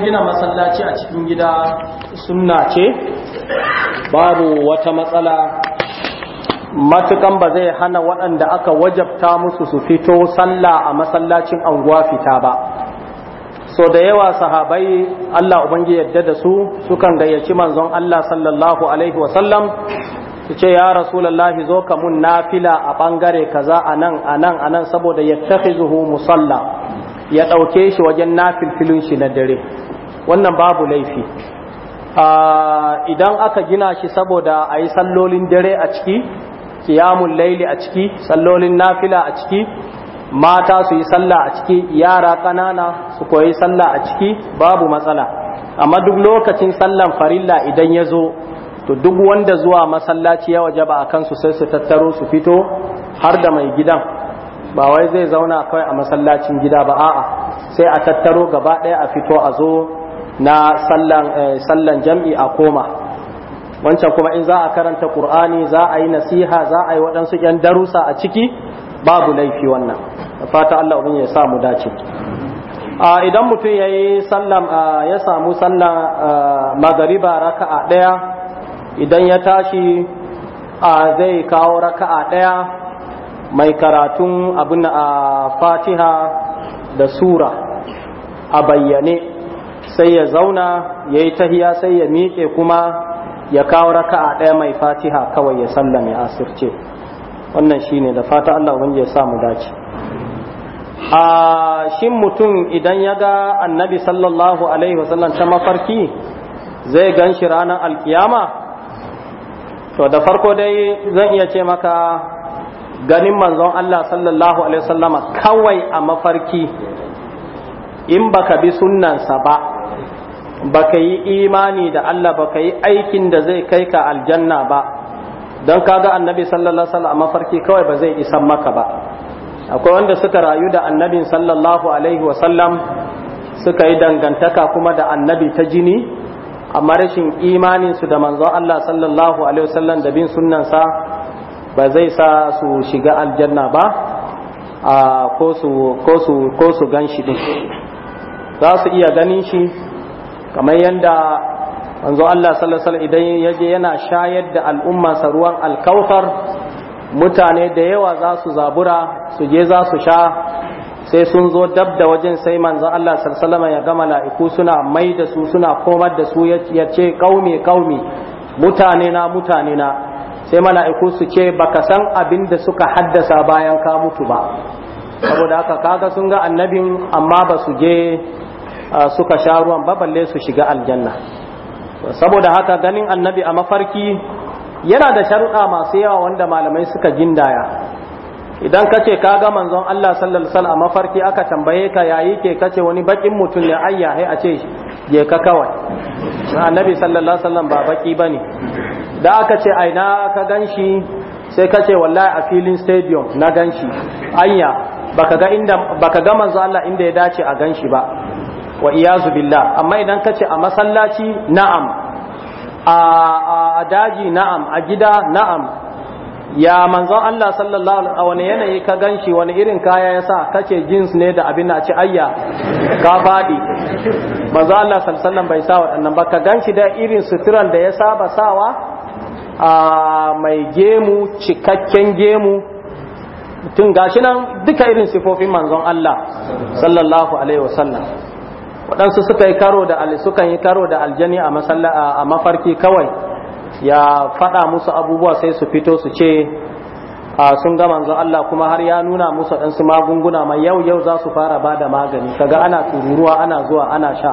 gina masallaci a cikin gida sunna ce babu wata matsala matukan ba zai hana waɗanda aka wajabta musu su fito sallah a masallacin anguwa fita ba so da yawa sahabai Allah ubangi yadda da su sukan gayyaci manzon Allah sallallahu alaihi sallam su ce ya rasulallahi zo ka mun nafila a bangare kaza nan a nan saboda ya tafi zuhu musalla ya ɗauke shi wajen nafilfilin shi na dare wannan babu laifi idan aka gina shi saboda a yi sallolin dare a ciki kiyamun laili a ciki sallolin nafila a ciki mata su yi sallah a ciki yara ƙanana su koyi sallah a ciki babu matsala amma duk lokacin sallan farilla idan ya zo to duk wanda zuwa masallaci ya waje ba a kansu sai su tattaro su fito har da mai gidan ba wai zai zauna kawai a masallacin gida ba a'a sai a tattaro gaba ɗaya a fito a zo na eh, sallan jam'i a koma wancan kuma in za a karanta ƙur'ani za a yi nasiha za a yi waɗansu ‘yan darusa a ciki babu laifi wannan fata Allah ubin ya samu dace idan mutum ya yi ya samu sallan magariba raka'a ɗaya idan ya tashi zai kawo raka'a ɗaya mai karatun abin a fatiha da sura a bayyane sai ya zauna ya yi tahiya sai ya miƙe kuma ya kawo a ɗaya mai fatiha kawai ya sallame asirce wannan shi ne da fata Allah wani ya samu dace a shin mutum idan ya ga annabi sallallahu alaihi wasallam ta mafarki zai gan shi ranar alkiyama to da farko dai zan iya ce maka ganin manzon Allah sallallahu alaihi wasallama kawai a mafarki in baka bi sunnansa ba baka yi imani da Allah baka yi aikin da zai kai ka aljanna ba don kaga annabi sallallahu alaihi wasallam mafarki kawai ba zai isan maka ba akwai wanda suka rayu da annabi sallallahu alaihi wasallam suka yi dangantaka kuma da annabi ta jini amma rashin imaninsu da manzon Allah sallallahu alaihi wasallam da bin sunnansa ba zai sa su shiga aljanna ba ko su ganshi shi din za su iya ganin shi kamar yadda wanzu Allah sallallahu idan yaje yana shayar da al'umma ruwan alkautar mutane da yawa za su zabura su je za su sha sai sun zo dab da wajen sai manzo Allah sallallahu ya gama mala'iku suna mai da su suna komar da su ya ce ƙaume kaume mutane na mutane na sai mala'iku su ce baka san abin da suka haddasa bayan ka mutu ba saboda haka kaga sun ga annabin amma ba su je suka sha ruwan ba su shiga aljanna saboda haka ganin annabi a mafarki yana da sharuɗa masu yawa wanda malamai suka gindaya idan ka ce kaga manzon Allah sallallahu alaihi a mafarki aka tambaye ka yayi ke kace wani bakin mutum ne ayya hai a ce je ka kawai annabi sallallahu alaihi ba baki bane da aka ce aina ka ganshi sai ka ce wallahi a filin stadium na ganshi ayya baka ga inda baka ga manzo Allah inda ya dace a ganshi ba wa iyazu billah amma idan ka ce a masallaci na'am a daji na'am a gida na'am ya manzon Allah sallallahu alaihi wasallam wani yanayi ka ganshi wani irin kaya ya sa kace jeans ne da abin a ci ayya ka fadi manzon Allah sallallahu bai sa waɗannan ba ka ganshi da irin suturan da ya saba sawa a mai gemu cikakken gemu tun gashi nan duka irin sifofin manzon Allah sallallahu alaihi wasallam waɗansu suka yi karo da sukan yi karo da aljani a masalla a mafarki kawai ya faɗa musu abubuwa sai su fito su ce sun ga manzo Allah kuma har ya nuna musu ɗansu magunguna mai yau yau za su fara ba da magani kaga ana tururuwa ana zuwa ana sha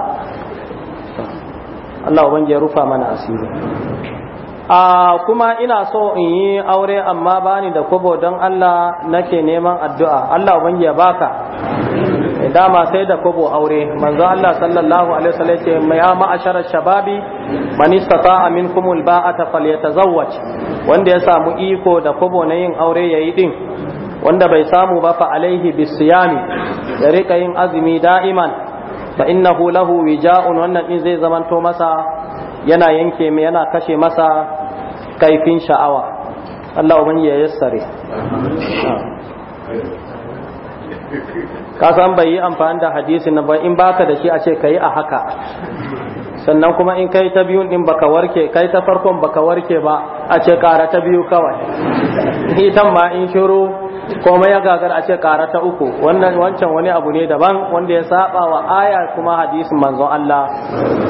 Allah ubangi ya rufa mana asiri a kuma ina so in yi aure amma bani da kobo don Allah nake neman addu'a Allah ubangi ya baka dama sai da kobo aure manzo Allah sallallahu alaihi wasallam yake mai ama asharar shababi man istata'a minkum alba'ata falyatazawwaj wanda ya samu iko da kobo na yin aure yayi din wanda bai samu ba fa alaihi bisiyami ya rika yin azumi da'iman fa innahu lahu wija'un wannan din zai zamanto masa yana yanke mai yana kashe masa kaifin sha'awa Allah ubangiji ya yassare ka san bai yi amfani da hadisi na ba in baka da shi a ce kai a haka sannan kuma in kai ta biyun din baka warke kai ta farkon baka warke ba a ce kara ta biyu kawai itan ma in shiru komai ya gagar a ce kara ta uku wannan wancan wani abu ne daban wanda ya saba wa aya kuma hadisin manzon Allah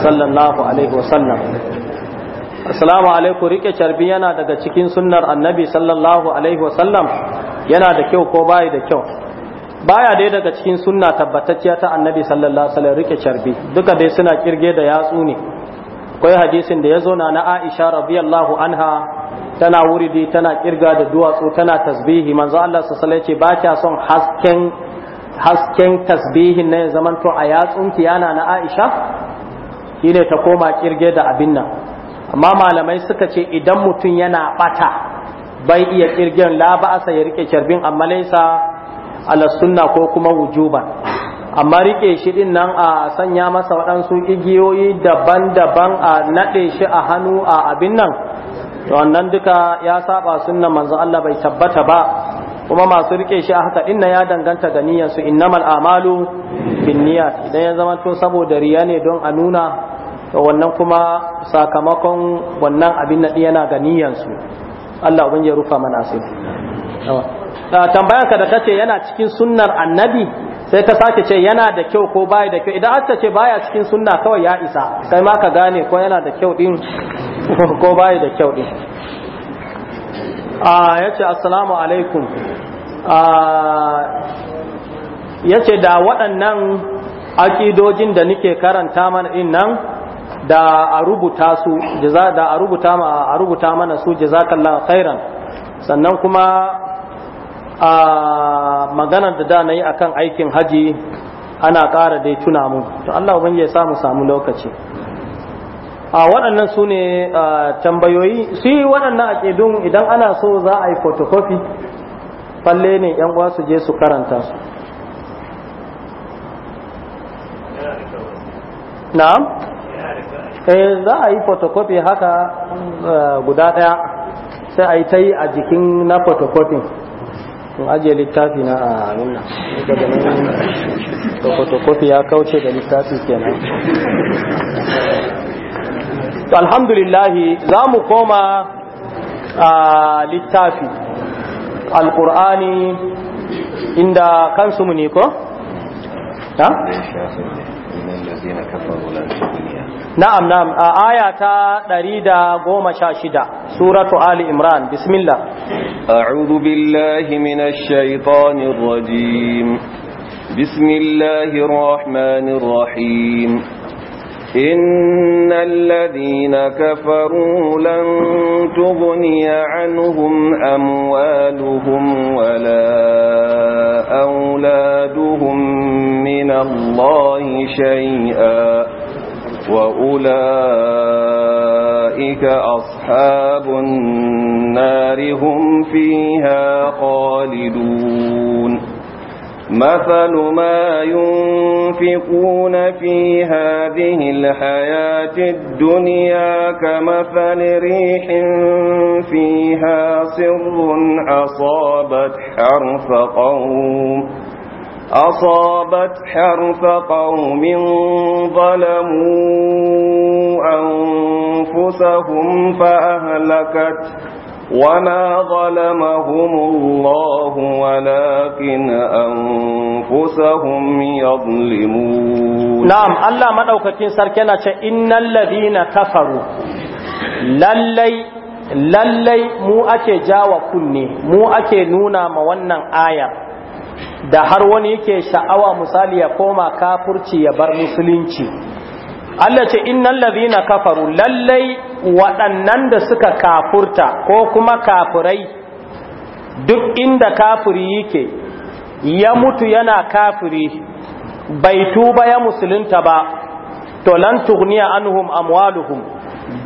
sallallahu alaihi wasallam assalamu alaikum rike carbi yana daga cikin sunnar annabi sallallahu alaihi wasallam yana da kyau ko bai da kyau baya dai daga cikin sunna tabbatacciya ta annabi sallallahu alaihi wasallam rike carbi duka dai suna kirge da yatsu ne akwai hadisin da ya zo na Aisha radiyallahu anha tana wuridi tana kirga da duwatsu tana tasbihi manzo Allah sallallahu alaihi wasallam ce ba kya son hasken hasken tasbihin ne zaman to a yatsunki yana na Aisha shine ta koma kirge da abin nan amma malamai suka ce idan mutum yana bata bai iya kirgen la ba'asa ya rike carbin amma laisa ala sunna ko kuma wujuba amma rike shi din nan a sanya masa waɗansu igiyoyi daban-daban a naɗe shi a hannu a abin nan to wannan duka ya saba sunna manzo Allah bai tabbata ba kuma masu rike shi a haka inna ya danganta ga niyyarsu innamal amalu binniyat idan ya zama to saboda riya ne don a nuna to wannan kuma sakamakon wannan abin na yana ga niyyarsu Allah ubangiji ya rufa mana asiri Ah, Tambayarka da ta ce yana cikin sunnar annabi sai ka sake ce yana da kyau ko baya da kyau idan aka ce baya cikin sunna kawai ya isa sai ma ka gane ko yana da kyau din ko baya da kyau din ah, yace assalamu alaikum ah, yace da waɗannan aƙidojin da nike karanta mana din nan da a rubuta su da a rubuta mana su jazakallahu khairan sannan kuma a maganar da da na yi akan aikin haji ana ƙara dai tuna mu to Allah ban ya samu samu lokaci a waɗannan su ne tambayoyi su yi waɗannan aƙidun idan ana so za a yi photocopy falle ne yan uwa su je su karanta su na'am eh za a yi photocopy haka eh, guda ɗaya sai a yi ta yi a jikin na photocopy in ajiye littafi na a nuna daga nan da fotokofi ya kauce da littafi kenan alhamdulillahi za mu koma a littafi alkur'ani inda kansu mu ne ko? ha? na'am na'am a aya ta 116 suratu ali imran bismillah a'udhu billahi minash shaitanir rajim bismillahir rahmanir rahim إن الذين كفروا لن تغني عنهم أموالهم ولا أولادهم من الله شيئا وأولئك أصحاب النار هم فيها خالدون مثل ما ينفقون في هذه الحياة الدنيا كمثل ريح فيها سر أصابت حرف قوم أصابت حرف قوم ظلموا أنفسهم فأهلكت وما ظلمهم الله ولكن أنفسهم يظلمون نعم الله من أوكتين سركنا إن الذين كفروا للي للي مو أكي جاوة كني مو أكي نونا مونن آية da har wani yake sha'awa misali ya koma kafurci ya bar musulunci Allah ce innal ladhina kafaru lallai waɗannan da suka kafurta ko kuma kafurai, duk inda kafuri yake ya mutu yana kafuri, bai tuba ya musulunta ba to lan tughniya anhum amwaluhum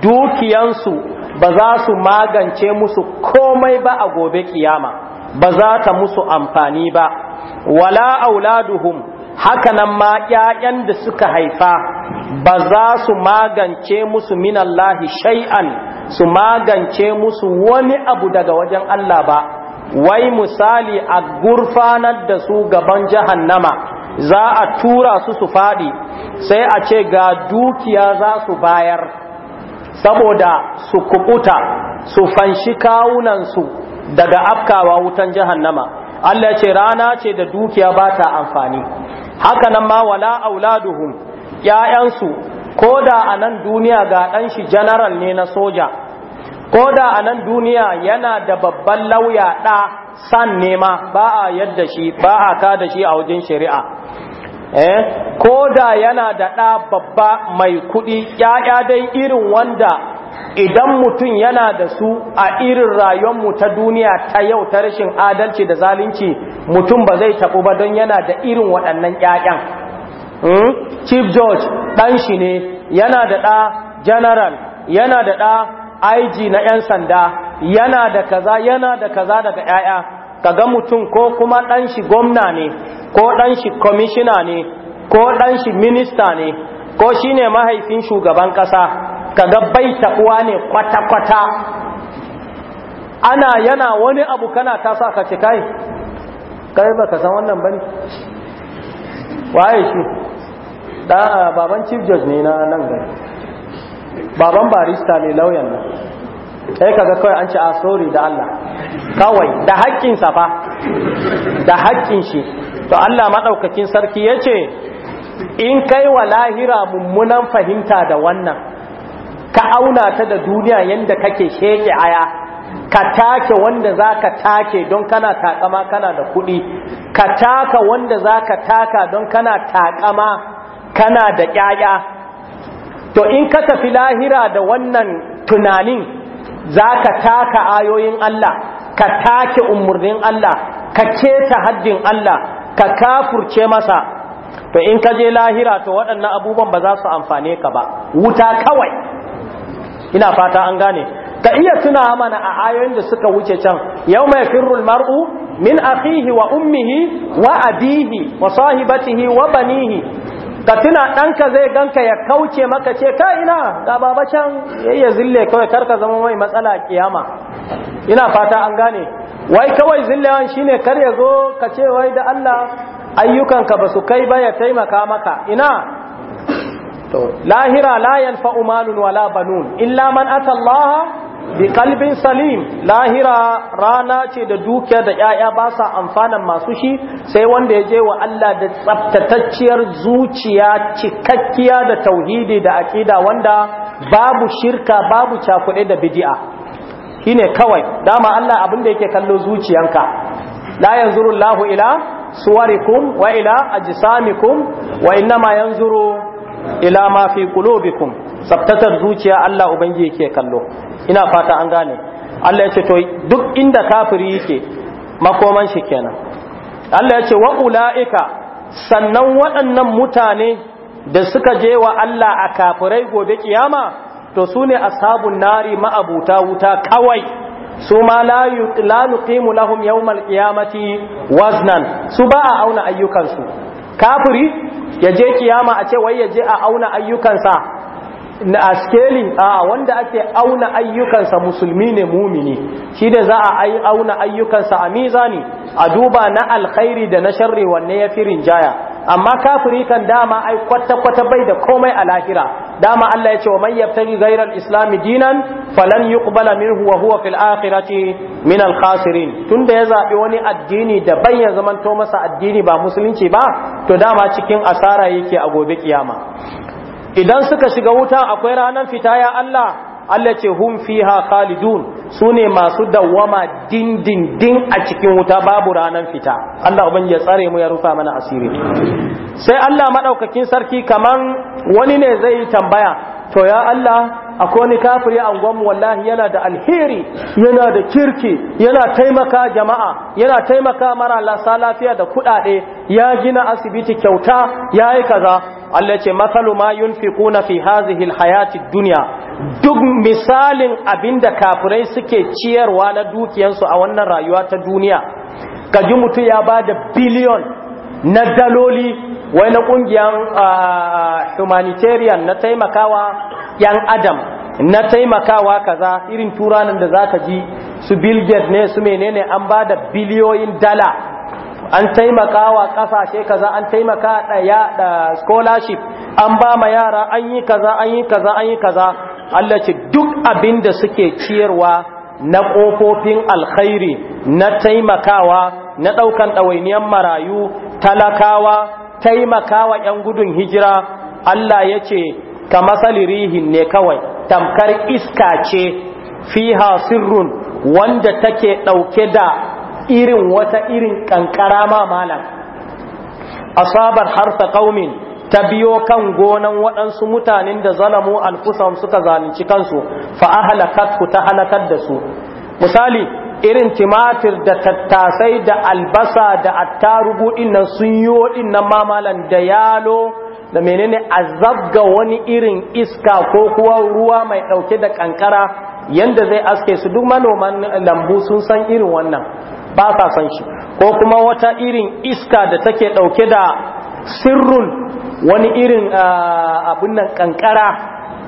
dukiyansu ba za su magance musu komai ba a gobe kiyama ba za ta musu amfani ba wala auladuhum hakanan ma ƴaƴan da suka haifa ba za su magance musu minallahi shay'an su magance musu wani abu daga wajen Allah ba wai misali a gurfanar da su gaban jahannama za a tura su su faɗi sai a ce ga dukiya za su bayar saboda su kubuta su fanshi kawunansu daga afkawa wutan jahannama Allah ce rana ce da dukiya ba ta amfani haka nan ma wala auladuhum ƴaƴansu ko da a nan duniya ga ɗan shi general ne na soja ko da a nan duniya yana da babban lauya ɗa san nema ba a yadda shi ba a ka da shi a wajen shari'a eh ko da yana da ɗa babba mai kuɗi ƴaƴa dai irin wanda idan mutum yana da su a irin mu ta duniya ta yau ta rashin adalci da zalunci mutum ba zai taɓo ba don yana da irin waɗannan ƴaƴan hmm? chief george ɗan shi ne yana da ɗa general yana da ɗa IG na 'yan sanda yana da kaza yana da kaza daga 'ya'ya kaga mutum ko kuma ɗan shi gwamna ne ko ɗan shi kwamishina ne ko ɗan shi minista ne ko shi ne mahaifin shugaban ƙasa kaga bai taɓuwa ne kwata-kwata ana yana wani abu kana ta sa ka ce kai kai ba ka san wannan bane waye shi da baban chief judge ne na nan gari baban barista ne lauyan nan sai kaga kawai an ce a ah, sorry da Allah kawai da haƙƙinsa sa fa da haƙƙin shi to Allah madaukakin sarki yace in kai wa lahira mummunan fahimta da wannan ka auna ta da duniya yadda kake sheke aya ka take wanda za ka take don kana takama kana da kuɗi ka taka wanda za ka taka don kana takama kana da ƙyaƙya to in ka tafi lahira da wannan tunanin za ka taka ayoyin Allah ka take umarnin Allah ka keta haddin Allah ka kafurce masa to in ka je lahira to waɗannan abubuwan ba za su amfane ka ba wuta kawai ina fata an gane ka iya tuna mana a ayoyin da suka wuce can yau mai firrul mar'u min akhihi wa ummihi wa abihi wa sahibatihi wa banihi ka tuna ɗanka zai ganka ya kauce maka ce ka ina ga baba can ya zille kawai karka zama mai matsala kiyama ina fata an gane wai kawai zillewan shine kar ya zo ka ce wai da Allah ayyukanka ba su kai ba ya taimaka maka ina to lahira la yanfa'u malun wala banun illa man ata Allah bi qalbin salim lahira rana ce da dukiya da yaya ba sa amfanan masu shi sai wanda ya je wa Allah da tsaftatacciyar zuciya cikakkiya da tauhidi da aqida wanda babu shirka babu cakuɗe da bid'a shine kawai dama Allah abin da yake kallo zuciyanka la yanzuru Allahu ila suwarikum wa ila ajsamikum wa innama yanzuru ila ma fi qulubikum sabtatar zuciya Allah ubangiji yake kallo ina fata an gane Allah yace to duk inda kafiri yake makoman shi kenan Allah yace wa ulaika sannan waɗannan mutane da suka je wa Allah a kafirai gobe kiyama to sune ashabun nari ma'abuta wuta kawai su ma la nuqimu lahum yawmal qiyamati waznan su ba a auna ayyukansu kafiri ya je kiyama a ce wai ya je a auna ayyukansa a scaling a wanda ake auna ayyukansa musulmi ne mumini shi da za a auna ayyukansa a mizani a duba na alkhairi da na sharri wanne ya fi rinjaya amma kafiri kan dama ai kwata-kwata bai da komai a lahira dama Allah ya ce wa man yabtaghi ghayra al-islam dinan falan yi minhu wa huwa fil akhirati min al-khasirin tunda ya zaɓi wani addini da bai ya zamanto masa addini ba musulunci ba to dama cikin asara yake a gobe kiyama idan suka shiga wuta akwai ranar fita ya Allah Allah ce hum fiha khalidun sune masu dawwama dindindin a cikin wuta babu ranar fita Allah uban ya tsare mu ya rufa mana asiri sai Allah madaukakin sarki kaman wani ne zai tambaya to ya Allah akwai wani kafiri a mu wallahi yana da alheri yana da kirki yana taimaka jama'a yana taimaka mara lasa lafiya da kudade, ya gina asibiti kyauta ya yi kaza Allah ce masalu ma yunfiquna fi hazihi alhayati dunya duk misalin abinda kafirai suke ciyarwa na dukiyansu a wannan rayuwa ta duniya kaji mutum ya ba da biliyon na daloli wai na kungiyar humanitarian na taimakawa yan adam na taimakawa kaza irin turanin da za ka ji su bill ne su menene an ba da biliyoyin dala an taimakawa kasashe kaza an taimaka da scholarship an ba ma yara an yi kaza an yi kaza an yi kaza Allah ce duk abin da suke ciyarwa na ƙofofin alkhairi na taimakawa na ɗaukan ɗawainiyar marayu talakawa taimakawa 'yan gudun hijira Allah ya ce ka matsali rihin ne kawai tamkar iska ce fiha sirrun wanda take ɗauke da irin wata irin ƙanƙara ma malam asabar harta ƙaumin ta biyo kan gonan waɗansu mutanen da zalamu alfusam suka zalunci kansu fa ahlakat ku ta halakar da su misali irin timatir da tattasai da albasa da attarugu dinnan sun yi dinnan mamalan da yalo da menene azabga wani irin iska ko kuwa ruwa mai ɗauke da kankara yanda zai aske su duk manoman lambu sun san irin wannan ba sa san shi ko kuma wata irin iska da take ɗauke da sirrun wani irin abin nan kankara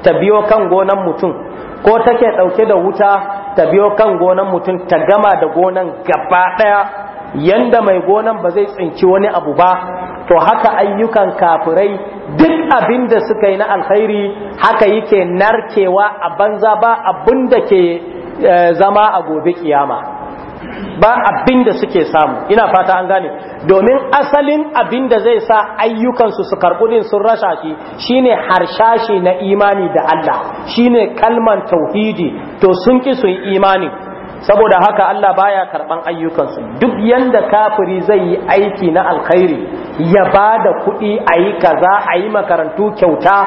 ta biyo kan gonan mutum ko take ɗauke da wuta ta biyo kan gonan mutum ta gama da gonan gaba ɗaya yanda mai gonan ba zai tsinci wani abu ba to haka ayyukan kafirai duk abin da suka yi na alkhairi haka yake narkewa a banza ba abin da ke eh, zama a gobe kiyama ba abin da suke samu ina fata an gane domin asalin abin da zai sa ayyukansu su karɓi din sun rasha shi shine harshashi na imani da Allah shine kalman tauhidi to sun ki su yi imani saboda haka Allah baya karban ayyukansu duk yanda kafiri zai yi aiki na alkhairi ya ba da kuɗi a yi kaza a yi makarantu kyauta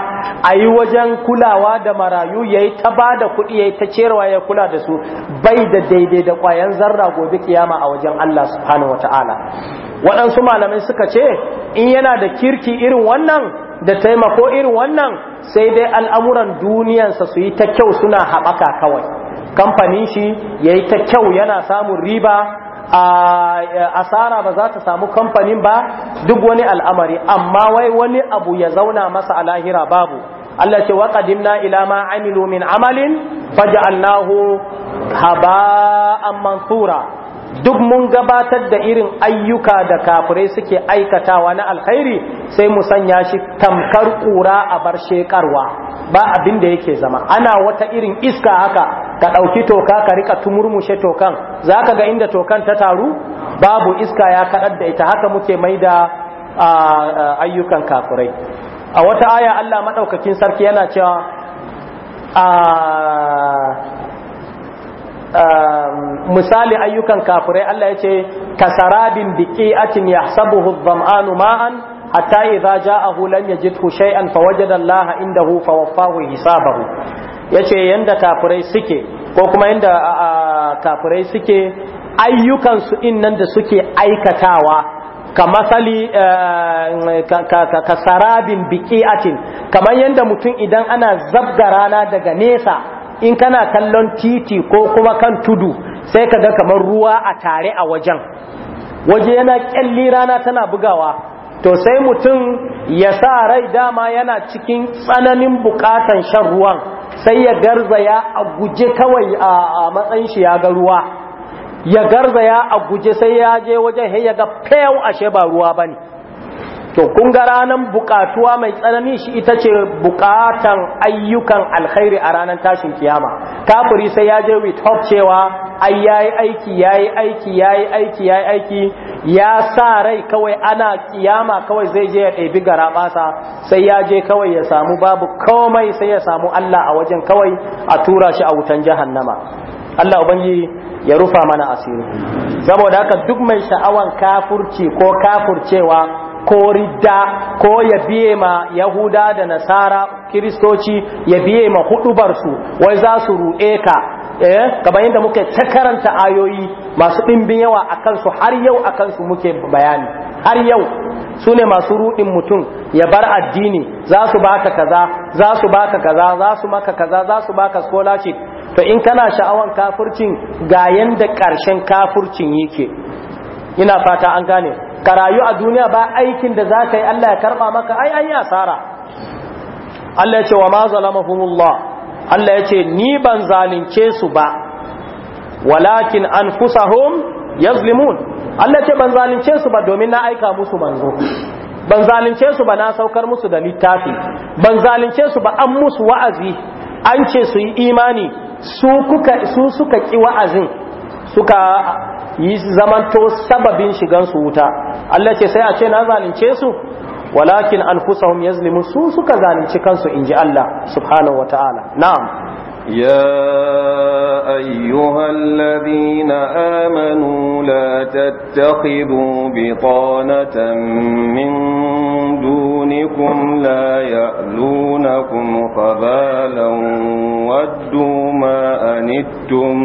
a yi wajen kulawa da marayu ya yi ta ba da kuɗi ya yi ta cerewa ya kula da su bai da daidai da ƙwayan zarra gobe kiyama a wajen Allah subhanahu wata'ala waɗansu malamai suka ce in yana da kirki irin wannan da taimako irin wannan sai dai al'amuran duniyarsa su yi ta kyau suna haɓaka kawai kamfanin shi yayi ta kyau yana samun riba asara ba za ta samu kamfanin ba duk wani al'amari amma wai wani abu ya zauna masa a lahira babu Allah ce waqadimna ila ma amilu min amalin faj'alnahu haba'an mansura duk mun gabatar da irin ayyuka da kafirai suke aikatawa na alkhairi sai mu sanya shi tamkar kura a bar shekarwa ba abin da yake zama ana wata irin iska haka ka ɗauki toka ka rika tumurmushe tokan za ka ga inda tokan ta taru babu iska ya kaɗar da ita haka muke mai da ayyukan kafirai a wata aya Allah maɗaukakin sarki yana cewa Um, misali ayyukan kafirai Allah ya ce kasarabin biqi'atin yahsabuhu adh-dhama'anu ma'an hatta fawaje da shai'an inda shay'an fawajada Allah indahu hu. Ya ce yanda kafirai suke ko kuma yanda kafirai suke ayyukan su innan da suke aikatawa ka matsali eh, ka biki atin kamar yadda mutum idan ana zabda rana daga nesa in kana kallon titi ko kuma kan tudu sai ka ga kamar ruwa a tare a wajen waje yana kyalli rana tana bugawa to sai mutum ya sa rai dama yana cikin tsananin bukatan shan ruwan sai ya garzaya a guje kawai a matsayin shi ya ga ruwa ya garzaya a guje sai ya je wajen ya ga fayau ashe ba ruwa bane to kun ga ranar bukatuwa mai tsanani shi ita ce bukatan ayyukan alkhairi a ranar tashin kiyama kafiri sai ya je with hope cewa ai yayi aiki yayi aiki yayi aiki yayi aiki ya sa rai kawai ana kiyama kawai zai je ya ɗebi garaɓasa sai ya je kawai ya samu babu komai sai ya samu Allah a wajen kawai a tura shi a wutan jahannama Allah ubangi ya rufa mana asiri saboda haka duk mai sha'awan kafurci ko kafurcewa ko ridda ko ya biye ma yahuda da nasara kiristoci ya biye ma hudubarsu wai za su ruɗe ka eh kamar yadda muke ta karanta ayoyi masu ɗimbin yawa a kansu har yau a kansu muke bayani har yau su ne masu ruɗin mutum ya bar addini za su baka kaza za su baka kaza za su maka kaza za su baka scholarship to in kana sha'awan kafircin ga yanda ƙarshen kafurcin yake ina fata an gane ka rayu a duniya ba aikin da za ka yi Allah ya karɓa maka ai an yi asara Allah ya ce wa ma zalamahumullah Allah ya ce ni ban zalunce su ba walakin anfusahum yazlimun Allah ya ce ban zalunce su ba domin na aika musu manzo ban zalunce su ba na saukar musu da littafi ban zalunce su ba an musu wa'azi an ce su yi imani su kuka su suka ki wa'azin suka yi zamanto sababin shigan su wuta Allah ce sai a ce na zalunce su walakin anfusahum yazlimun su suka zalunci kansu inji Allah subhanahu wataala na'am يا أيها الذين آمنوا لا تتخذوا بطانة من دونكم لا يألونكم خبالا ودوا ما أنتم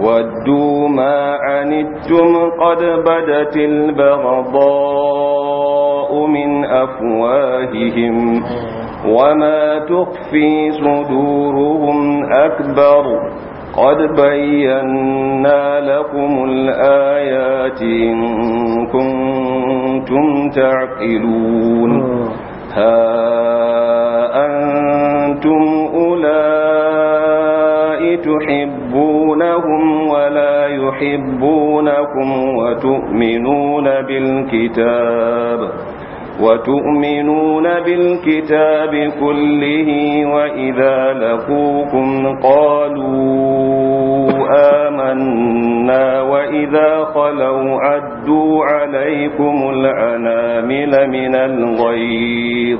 ودوا ما عنتم قد بدت البغضاء من أفواههم وما تخفي صدورهم أكبر قد بينا لكم الآيات إن كنتم تعقلون آه. ها أنتم أولئك تحبونهم ولا يحبونكم وتؤمنون بالكتاب وتؤمنون بالكتاب كله وإذا لقوكم قالوا آمنا وإذا خلوا عدوا عليكم العنامل من الغيظ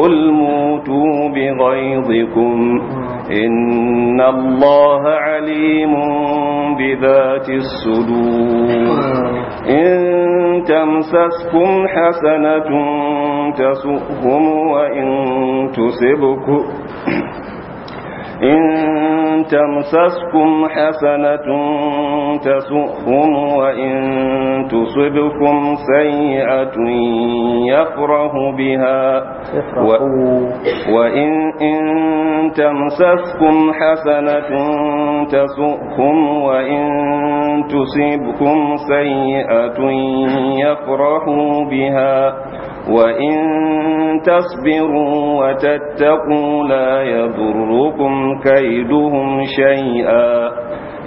قل موتوا بغيظكم إن الله عليم الأرض ذات الصدور إن تمسسكم حسنة تسؤهم وإن تسبكم إن تمسسكم حسنة تسؤهم وإن تصبكم سيئة يفرح بها و وإن إن تمسسكم حسنة تسؤهم وإن تصبكم سيئة يفرحوا بها وإن تصبروا وتتقوا لا يضركم كيدهم شيئا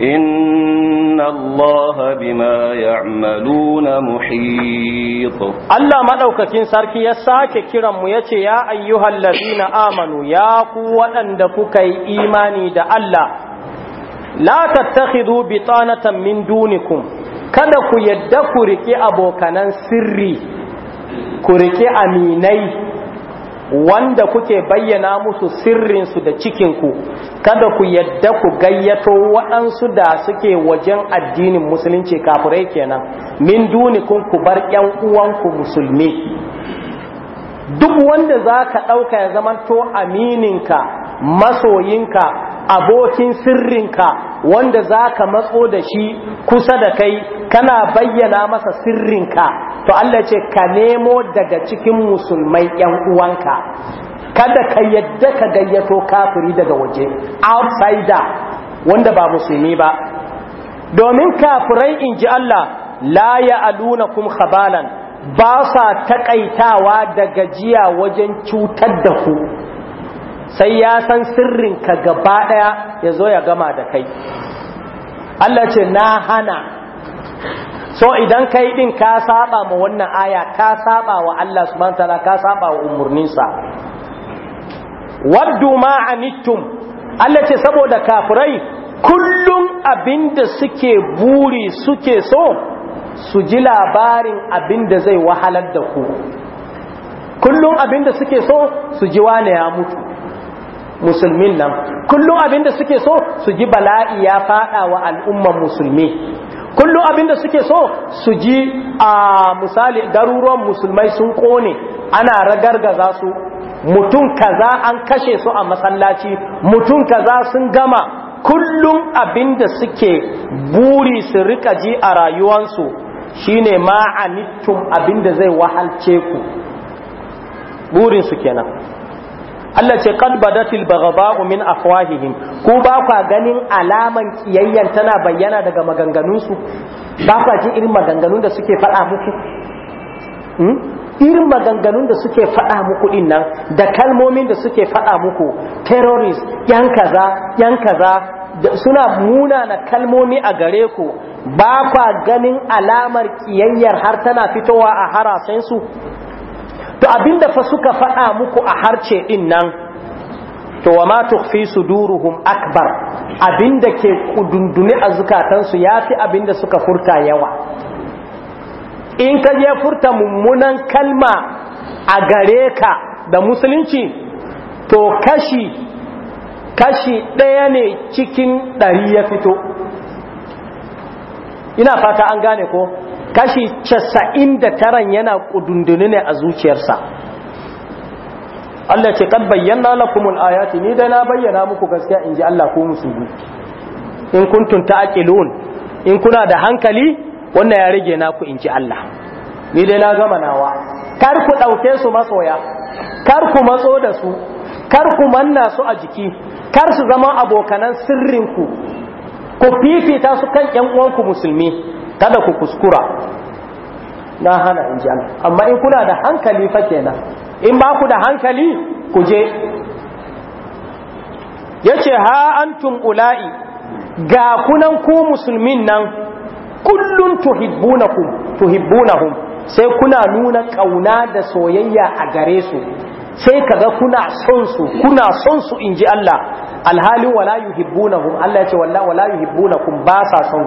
إن الله بما يعملون محيط الله مدوك تنسارك يساك كرم يتي يا أيها الذين آمنوا يا قوة أندكك إيماني دا الله لا تتخذوا بطانة من دونكم kada ku yadda ku riƙe abokanan sirri ku riƙe aminai wanda kuke bayyana musu sirrinsu da cikinku kada ku yadda ku gayyato waɗansu da suke wajen addinin musulunci kafirai kenan min dunikun ku bar ƴan uwanku musulmi duk wanda za ka ɗauka ya zamanto amininka masoyinka abokin sirrinka wanda za ka matso da shi kusa da kai kana bayyana masa sirrinka to Allah ce ka nemo daga cikin musulmai yan uwanka kada ka yadda ka gayyato kafiri daga waje outsider wanda ba musulmi ba domin kafirai in ji Allah la kum khabalan ba sa takaitawa da gajiya wajen cutar da ku sai ya san sirrinka gaba ɗaya ya zo ya gama da kai Allah ce na hana so idan kai ɗin ka saba ma wannan aya ka saba wa Allah subhanahu wataala ka saba wa umurninsa waddu ma anittum Allah ce saboda kafirai kullum abinda suke buri suke so su ji labarin abinda zai wahalar da ku kullum abinda suke so su ji wane ya mutu musulmin nan kullum abin da suke so su ji bala'i ya fada wa al'umman musulmi kullum abin da suke so su ji a misali garuruwan musulmai sun kone ana ragargaza su mutum kaza an kashe su a masallaci mutum kaza sun gama kullum abin da suke buri su rika ji a rayuwansu shine ma'anittum abin da zai wahalce ku burinsu kenan Allah ce qad badatil baghdha'u min afwahihim ku ba kwa ganin alaman kiyayyan tana bayyana daga maganganun su ba kwa ji irin maganganun da suke faɗa muku hmm? irin maganganun da suke faɗa muku din nan da kalmomin da suke faɗa muku terrorist yan kaza yan kaza suna munana kalmomi a gare ku ba kwa ganin alamar kiyayyar har tana fitowa a harasensu to abinda fa suka faɗa muku a harce din nan to wa ma tukfi suduruhum akbar abinda ke kudundune a zukatansu yafi abinda suka furta yawa in ka je furta mummunan kalma a gare ka da musulunci to kashi kashi ɗaya ne cikin ɗari ya fito ina fata an gane ko kashi casa'in da taran yana kudundunu ne a zuciyarsa Allah ce kan bayyana lakumul ayati ni da na bayyana muku gaskiya in ji Allah ko musulmi in kuntum ta'qilun in kuna da hankali wannan ya rage naku in ji Allah ni dai na gama nawa kar ku ɗauke su masoya kar ku matso da su kar ku manna su a jiki kar su zama abokanan sirrinku ku fifita su kan ƴan uwanku musulmi kada ku kuskura na hana in ji Allah amma in kuna da hankali fa kenan in ba ku da hankali ku je yace ha antum ula'i ga kunan ku musulmin nan kullun tuhibbunakum tuhibbunahum sai kuna nuna kauna da soyayya a gare su sai kaga kuna son su kuna son su inji Allah alhali wala yuhibbunahum Allah ce wallahi wala yuhibbunakum ba sa son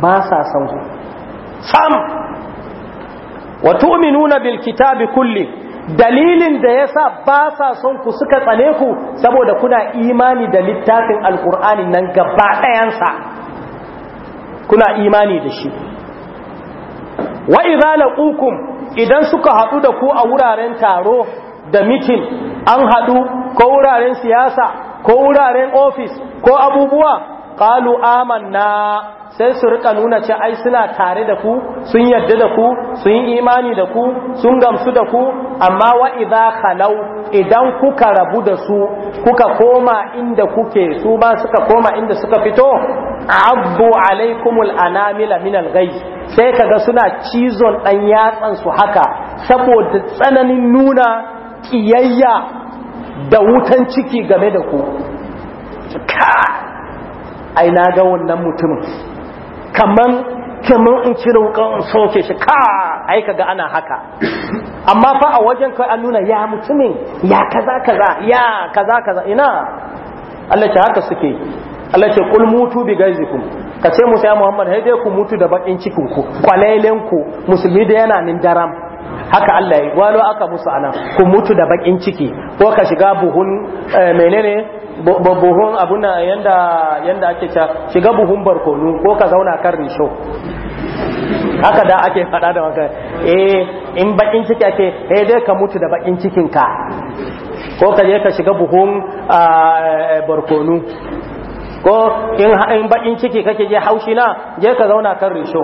ba sa san ku. sam wa tu'minuna bil kitabi kulli dalilin da yasa ba sa son ku suka tsane ku saboda kuna imani da littafin alqur'ani nan gaba ɗayansa kuna imani da shi wa idza laqukum idan suka haɗu da ku a wuraren taro da mitin an haɗu ko wuraren siyasa ko wuraren ofis ko abubuwa qalu amanna sai su rika nuna ce ai suna tare da ku sun yarda da ku sun yi imani da ku sun gamsu da ku amma wa idza khalau idan kuka rabu da su kuka koma inda kuke su ba suka koma inda suka fito abdu alaikumul anamila min alghay sai kaga suna cizon dan yatsan su haka saboda tsananin nuna kiyayya da wutan ciki game da ku ka ai na ga wannan mutumin kamar kaman in cire wukan in soke shi ka ai kaga ana haka amma fa a wajen kai an nuna ya mutumin ya kaza kaza ya kaza kaza ina Allah ce haka suke Allah ce kul mutu bi gaizikum ka ce musa ya Muhammad sai ku mutu da bakin cikin ku kwalailen ku musulmi da yana nin daram haka Allah ya walo aka musu anan ku mutu da bakin ciki ko ka shiga buhun eh, menene buhun abuna yanda yanda ake cha shiga buhun barkonu ko ka zauna kan risho haka da ake fada da wanka eh in bakin ciki ake eh dai ka mutu da bakin cikin ka ko ka je ka shiga buhun ah, eh, barkonu ko in baƙin ciki kake je haushi na je ka zauna kan risho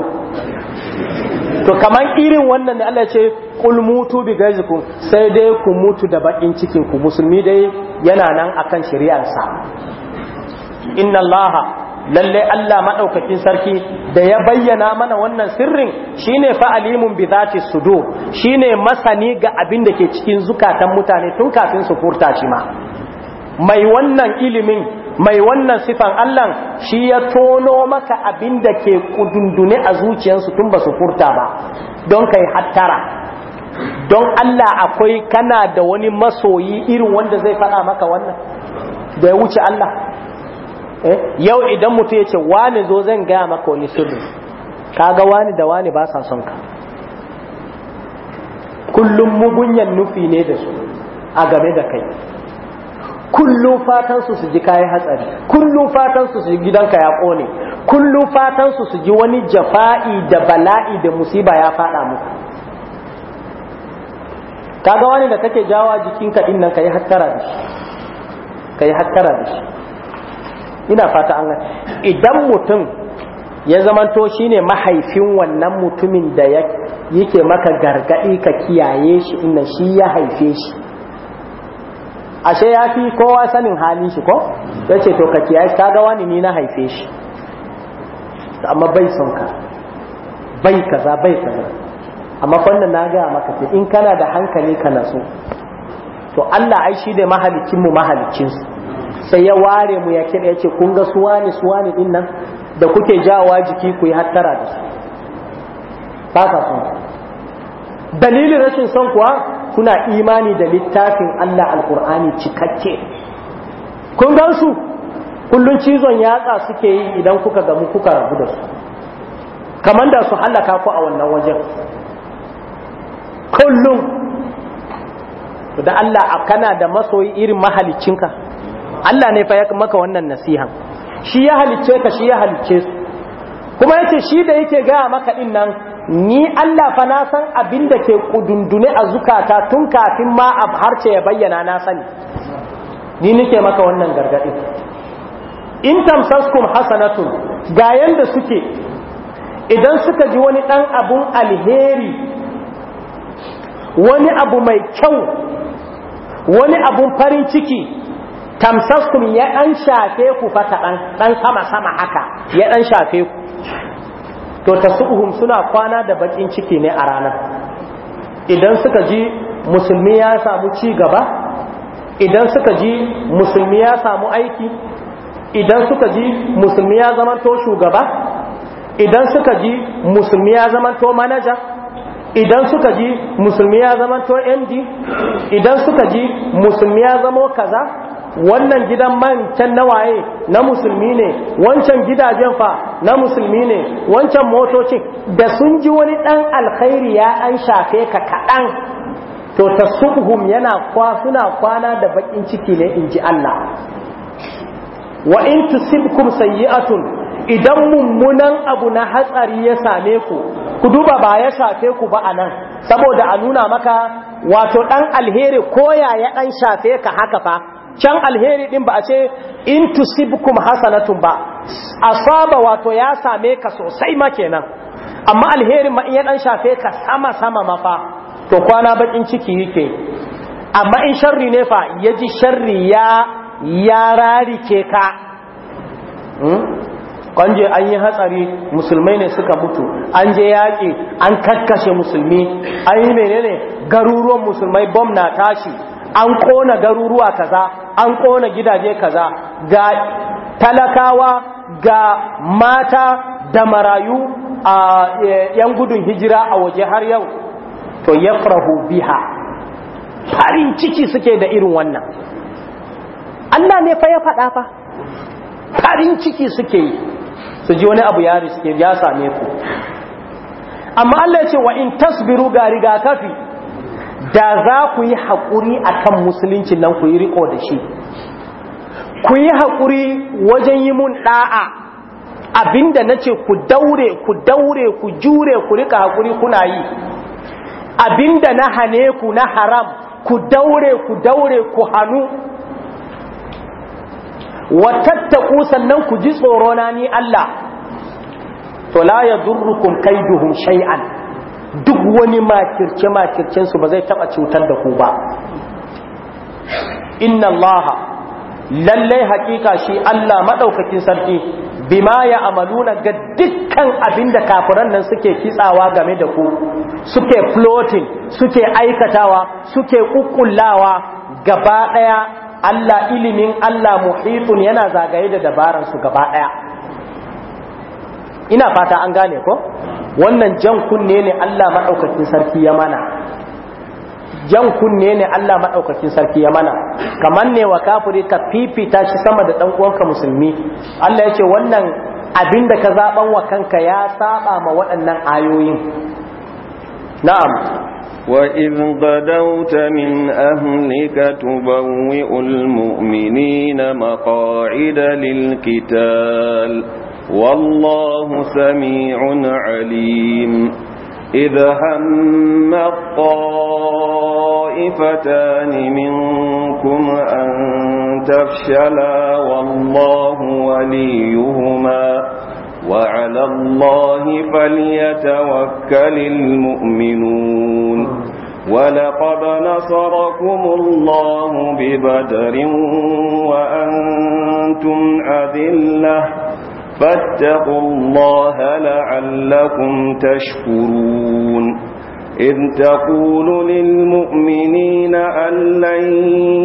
to kamar irin wannan ne Allah ce kul mutu bi gaizikum sai dai ku mutu da baƙin cikin ku musulmi dai yana nan akan shari'arsa inna Allah lalle Allah madaukakin sarki da ya bayyana mana wannan sirrin shine fa alimun bi zati sudu shine masani ga abin da ke cikin zukatan mutane tun kafin su furta shi ma mai wannan ilimin mai wannan sifan Allah shi ya tono maka abin da ke kudundune a zuciyarsu tun ba su furta ba don kai hattara don Allah akwai kana da wani masoyi irin wanda zai faɗa maka wannan da ya wuce Allah eh, yau idan mutu ya ce wani zo zan gaya maka wani sirri kaga wani da wani ba sa son ka kullum mugunyan nufi ne da su a game da kai kullum fatan su ji kayi hatsari kullum fatan su ji gidanka ya kone kullum fatan su ji wani jafa'i da bala'i da musiba ya fada muku kaga wani da kake jawa jikinka din nan kai hattara da shi kai hattara da shi ina fata an idan mutum ya zamanto shine mahaifin wannan mutumin da yake maka gargadi ka kiyaye shi inda shi ya haife shi ashe ya fi kowa sanin halin shi ko ya ce to kake ya ka ga wani ni na haife shi amma bai son ka bai kaza bai kaza amma wannan na gaya maka ce in kana da hankali ka so to Allah ai shi da mahalicin mu su sai ya ware mu ya kira yace kun ga suwa ne din nan da kuke jawa jiki ku yi hattara da su ba ka son dalilin rashin son kuwa kuna imani da littafin Allah alkur'ani cikakke kun gan su kullun cizon yatsa suke yi idan kuka gamu kuka rabu da su kamar da su hallaka ku a wannan wajen kullum da Allah a kana da masoyi irin mahalicinka Allah ne fa ya maka wannan nasihan shi ya halicce ka shi ya halicce su kuma yace shi da yake gaya maka din nan ni Allah fa na san abin da ke kudundune a zukata tun kafin ma a harce ya bayyana na sani ni nake maka wannan gargaɗi in tamsaskum hasanatun ga yanda suke idan suka ji wani ɗan abun alheri wani abu mai kyau wani abun farin ciki tamsaskum ya ɗan shafe ku fata ɗan sama-sama haka ya ɗan shafe ku to tasu'uhum suna kwana da bakin ciki ne a ranar idan suka ji musulmi ya samu ci gaba idan suka ji musulmi ya samu aiki idan suka ji musulmi ya zamanto shugaba idan suka ji musulmi ya zamanto manaja idan suka ji musulmi ya zamanto md idan suka ji musulmi ya zamo kaza wannan gidan man can na na musulmi ne wancan gidajen fa na musulmi ne wancan motocin da sun ji wani dan alkhairi ya an shafe ka kaɗan to ta subhum yana kwa suna kwana da bakin ciki ne in ji Allah wa in tusibkum sayi'atun idan mummunan abu na hatsari ya same ku ku duba ba ya shafe ku ba anan saboda a nuna maka wato dan alheri ko ya ya dan shafe ka haka fa can alheri din ba a ce in tusibkum hasanatun ba asaba wato ya same ka sosai ma kenan amma alheri ma in ya dan shafe ka sama sama ma fa to kwana bakin ciki yake amma in sharri ne fa yaji sharri ya ya rarike ka kwanje hmm? an yi hatsari musulmai ne suka mutu an je yaƙi an kakkashe musulmi an yi menene garuruwan musulmai bom na tashi an kona garuruwa kaza an kona gidaje kaza ga talakawa ga mata da marayu a e, yan gudun hijira a waje har yau to yafrahu biha farin ciki suke da irin wannan Allah ne fa ya faɗa fa farin ciki suke yi su ji wani abu ya riske ya same ku amma Allah ce wa in tasbiru ga rigakafi da za ku yi haƙuri a kan musulunci nan ku yi riko da shi ku yi haƙuri wajen yi mun ɗa'a abinda na ce ku daure ku daure ku jure ku rika haƙuri kuna yi abinda na hane ku na haram ku daure ku daure ku hannu watattaku sannan ku ji tsoro na ni Allah to la yadurrukum kaiduhum shay'an duk wani makirce makircen su ba zai taba cutar da ku ba inna Allah lallai hakika shi Allah madaukakin sarki bima ya amaluna ga dukkan abinda kafiran nan suke kitsawa game da ku suke floating suke aikatawa suke kukkullawa gaba daya Allah ilimin Allah muhitun yana zagaye da dabaran su gaba daya ina fata an gane ko wannan jan kunne ne Allah maɗaukakin sarki ya mana jan kunne ne Allah maɗaukakin sarki ya mana kamar ne wa kafiri ka fifita shi sama da ɗan uwanka musulmi Allah ya ce wannan abin da ka zaɓan wa kanka ya saɓa ma waɗannan ayoyin na'am وإذ غدوت من أهلك تبوئ المؤمنين مقاعد للقتال والله سميع عليم إذ هم الطائفتان منكم أن تفشلا والله وليهما وعلى الله فليتوكل المؤمنون ولقد نصركم الله ببدر وأنتم أذلة فاتقوا الله لعلكم تشكرون إذ تقول للمؤمنين أن لن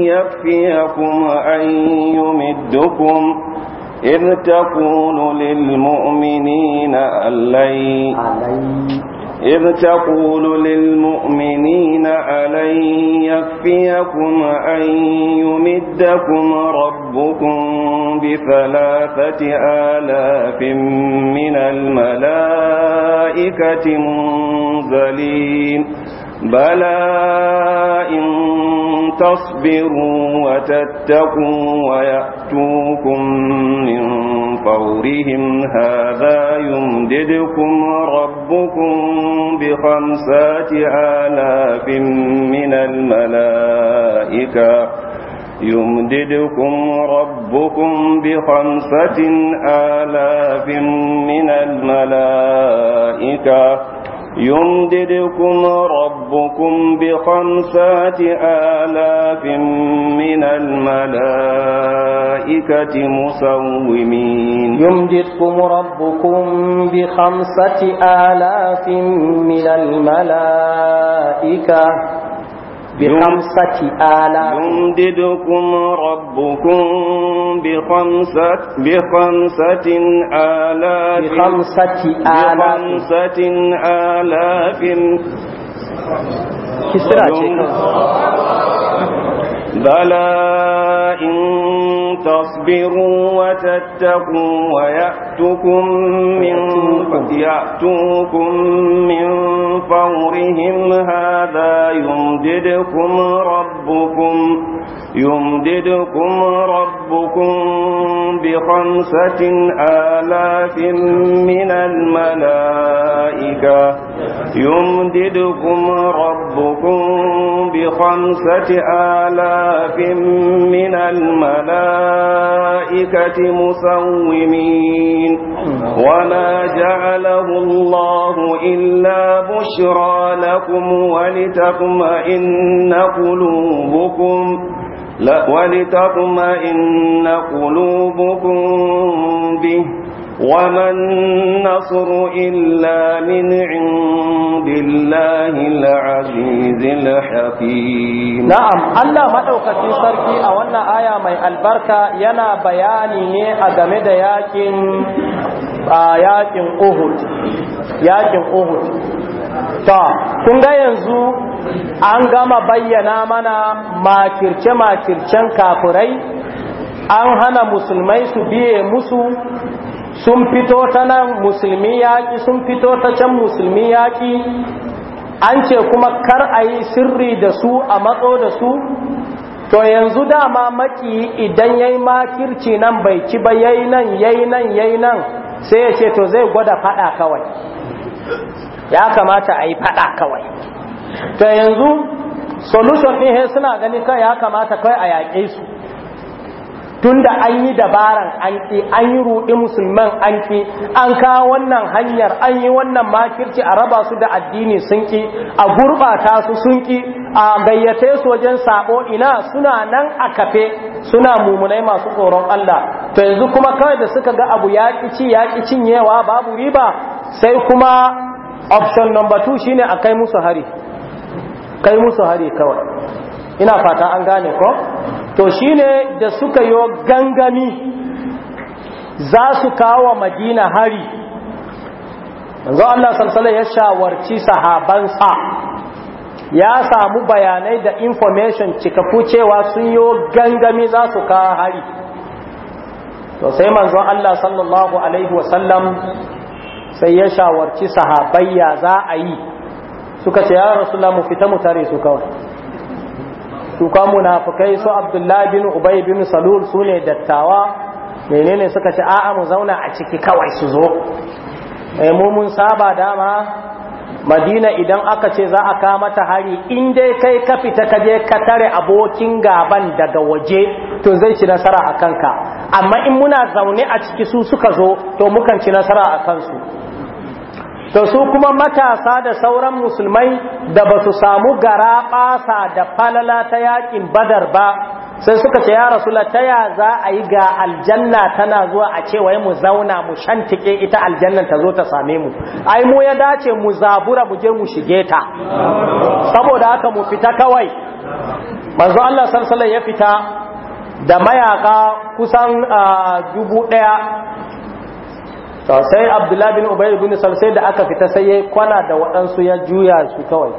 يكفيكم أن يمدكم إذ تقول للمؤمنين أن لن إذ تقول للمؤمنين ألن يكفيكم أن يمدكم ربكم بثلاثة آلاف من الملائكة منزلين بلى إن تصبروا وتتقوا ويأتوكم من فورهم هذا يمددكم ربكم بخمسة آلاف من الملائكة يمددكم ربكم بخمسة آلاف من الملائكة يمددكم ربكم بخمسة آلاف من الملائكة مسومين يمددكم ربكم بخمسة آلاف من الملائكة بخمسة آلاف يمددكم ربكم بخمسة بخمسة آلاف بخمسة آلاف بخمسة آلاف كسرات بلى إن تصبروا وتتقوا ويأتكم من يأتوكم من فورهم هذا يمددكم ربكم يمددكم ربكم بخمسة آلاف من الملائكة يمددكم ربكم بخمسة آلاف من الملائكة مسومين وما جعله الله إلا بشرى لكم ولتطمئن قلوبكم ولتطمئن قلوبكم به وما النصر إلا من عند الله العزيز الحكيم نعم الله مدوك في سركي أولنا آية من البركة ينا بياني أدمد ياكن آه ياكن أهد yakin Uhud to kun ga yanzu an gama bayyana mana makirce-makircen kafurai, an hana musulmai su biye musu sun fito ta nan musulmi yaƙi sun fito ta can musulmi yaƙi an ce kuma kar a yi sirri da su a matso da su to yanzu dama maki idan ya yi makirci nan bai ci ba yayi nan yayi nan yayi nan sai ya ce to zai gwada faɗa kawai ya kamata a yi faɗa kawai ta yanzu solution ɗin suna gani kai ya kamata kai a yaƙe su tunda an yi dabaran an ƙi an yi ruɗi musulman an ƙi an kawo wannan hanyar an yi wannan makirci a raba su da addini sun ƙi a gurɓata su sun ƙi a gayyace su wajen sabo ina suna nan a kafe suna mumunai masu tsoron Allah to yanzu kuma kawai da suka ga abu ya ƙi ci ya ƙi cinyewa babu riba sai kuma option number two shine a kai musu hari kai musu hari kawai ina fata an gane ko to shine da suka yo gangami za su kawo madina hari yanzu Allah salsala ya shawarci sahabansa ya samu bayanai da information cikaku cewa sun yo gangami za su kawo hari to sai manzon Allah sallallahu alaihi wasallam sai ya shawarci sahabai za a yi suka ce ya rasulullah mu fita mu tare su kawai su kwa munafukai su abdullahi bin ubai bin salul su ne dattawa menene suka ce a'a mu zauna a ciki kawai su zo eh, mu saba dama madina idan aka ce za a kama ta hari in dai kai ka fita ka je ka tare abokin gaban daga waje to zai ci nasara a kanka amma in muna zaune a ciki su suka zo to mukan ci nasara a kansu to su kuma matasa da sauran musulmai da ba su samu gara da falala ta yakin badar ba sai suka ce ya rasula ta ya za a yi ga aljanna tana zuwa a ce wai mu zauna mu shantike ita aljannan ta zo ta same mu ai mu ya dace mu zabura mu je mu shige ta saboda haka mu fita kawai manzo Allah sallallahu ya fita da mayaka kusan ah, dubu daya to sai abdullahi bin ubay bin sal sai da aka fita sai yayi kwana da waɗansu ya juya su kawai